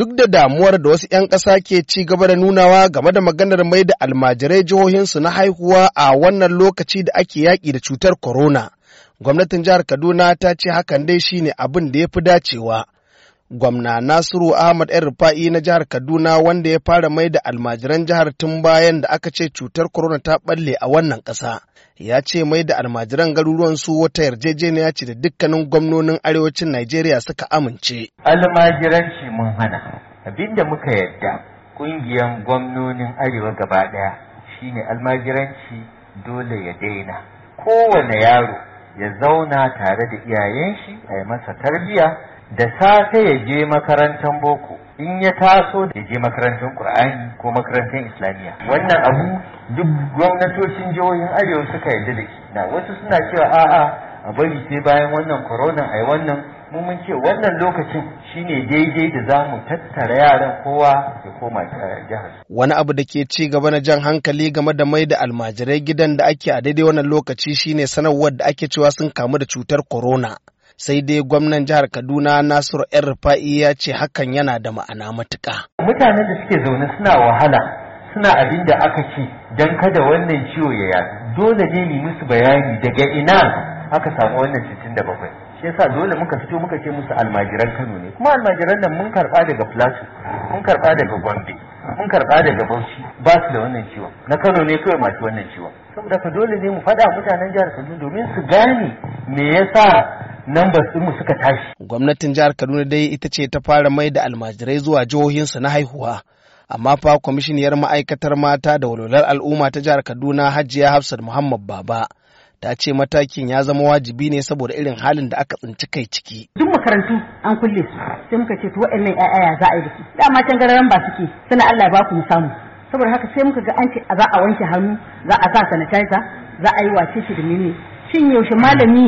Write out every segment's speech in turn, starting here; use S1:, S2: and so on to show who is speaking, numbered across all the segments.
S1: duk da damuwar da wasu 'yan ƙasa ke ci gaba da nunawa game da maganar mai da almajirai jihohinsu na haihuwa a wannan lokaci da ake yaƙi da cutar corona. Gwamnatin jihar Kaduna ta ce hakan dai shine abin da ya fi dacewa. gwamna Nasiru Ahmad ‘yan Rufa'i na jihar Kaduna wanda ya fara mai da almajiran jihar tun bayan da aka ce cutar corona ta balle a wannan ƙasa. Ya ce mai da almajiran garuruwan su wata yarjejeniya ce da dukkanin gwamnonin arewacin Najeriya suka amince.
S2: Almajiranci mun hana, abinda muka yarda, ƙungiyar gwamnonin arewa gaba ɗaya shine almajiranci dole ya daina. Kowane yaro ya zauna tare da iyayen shi a yi masa tarbiya da safe ya je makarantar boko in ya taso da je makarantar qur'ani ko makarantar islamiyya wannan abu duk gwamnatocin jihohin arewa suka yarda da shi na wasu suna cewa a'a a bari sai
S1: bayan wannan corona yi wannan
S2: mu mun ce wannan lokacin
S1: shine daidai
S2: da za mu tattara yaran kowa ya koma eh, jihar.
S1: Wani abu da ke ci gaba na jan hankali game da mai da almajirai gidan da ake a daidai wannan lokaci shine sanarwar da ake cewa sun kamu da cutar corona. Sai dai gwamnan jihar Kaduna Nasiru ‘yan Rufa'i ya ce hakan yana da ma'ana matuka. Mutanen da suke zaune suna wahala suna abin da aka ci don
S2: kada wannan ciwo ya yaɗu dole ne mu musu bayani daga ina aka samu wannan da bakwai. shi yasa dole muka fito muka ce musu almajiran Kano ne kuma almajiran nan mun karba daga Plateau mun karba daga Gombe mun karba daga Bauchi ba su da wannan ciwon na Kano ne kawai masu wannan ciwon
S1: saboda ka dole ne mu faɗa mutanen jihar Kaduna domin su gane me yasa su mu suka tashi gwamnatin jihar Kaduna dai ita ce ta fara mai da almajirai zuwa jihohinsu na haihuwa amma fa kwamishiniyar ma'aikatar mata da walwalar al'umma ta jihar Kaduna Hajiya Hafsat Muhammad Baba ta ce matakin ya zama wajibi ne saboda irin halin da aka tsinci kai ciki.
S2: Duk makarantu an kulle su sai muka ce to waɗannan ƴaƴa za a yi da su. Dama can gararan ba suke suna Allah ba ku samu. Saboda haka sai muka ga an ce za a wanke hannu za a sa sanitizer za a yi wace shi da mene. Shin yaushe malami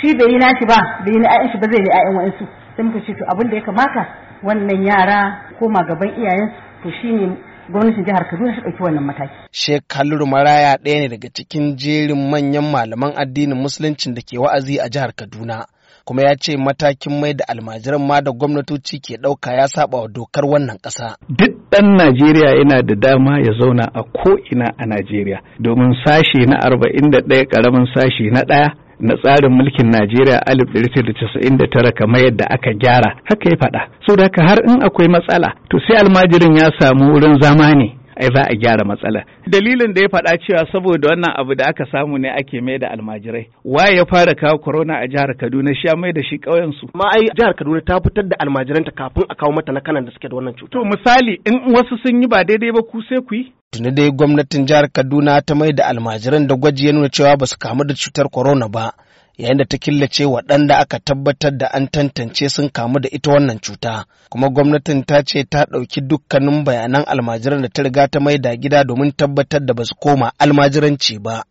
S2: shi bai yi nashi ba bai yi na shi ba zai yi na'a'in wa'ansu. Sai muka ce to abin da ya kamata wannan yara koma gaban iyayensu to shine gwamnatin jihar Kaduna su ɗauki wannan mataki.
S1: Sheikh Maraya ɗaya ne daga cikin jerin manyan malaman addinin Musuluncin da ke wa'azi a jihar Kaduna. kuma ya ce matakin mai da almajiran ma da gwamnatoci ke ɗauka ya saba wa dokar wannan ƙasa.
S3: Duk ɗan Najeriya yana da dama ya zauna a ko'ina a Najeriya domin sashe na arba'in da ɗaya ƙaramin sashe na ɗaya na tsarin mulkin Najeriya 1999 kamar yadda aka gyara haka ya faɗa da haka har in akwai matsala to sai almajirin ya samu wurin zama ne ai za a gyara matsala. dalilin da ya faɗa cewa saboda wannan abu da aka samu ne ake mai da almajirai waye ya fara kawo Korona a jihar Kaduna shi mai da shi ƙauyen su ma ai jihar Kaduna ta fitar da almajiranta kafin a kawo mata na kanan da suke da wannan cuta to misali in wasu sun yi ba daidai ba ku sai ku yi
S1: tuni dai gwamnatin jihar Kaduna ta mai da almajiran da gwaji ya nuna cewa ba su kamu da cutar Korona ba yayin da ta killace waɗanda aka tabbatar da an tantance sun kamu da ita wannan cuta kuma gwamnatin ta ce ta ɗauki dukkanin bayanan almajiran da ta riga ta mai da gida domin tabbatar da ba su koma almajiranci ba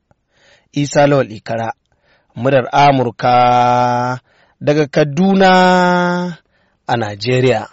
S1: isa lawal ikara murar amurka daga kaduna a najeriya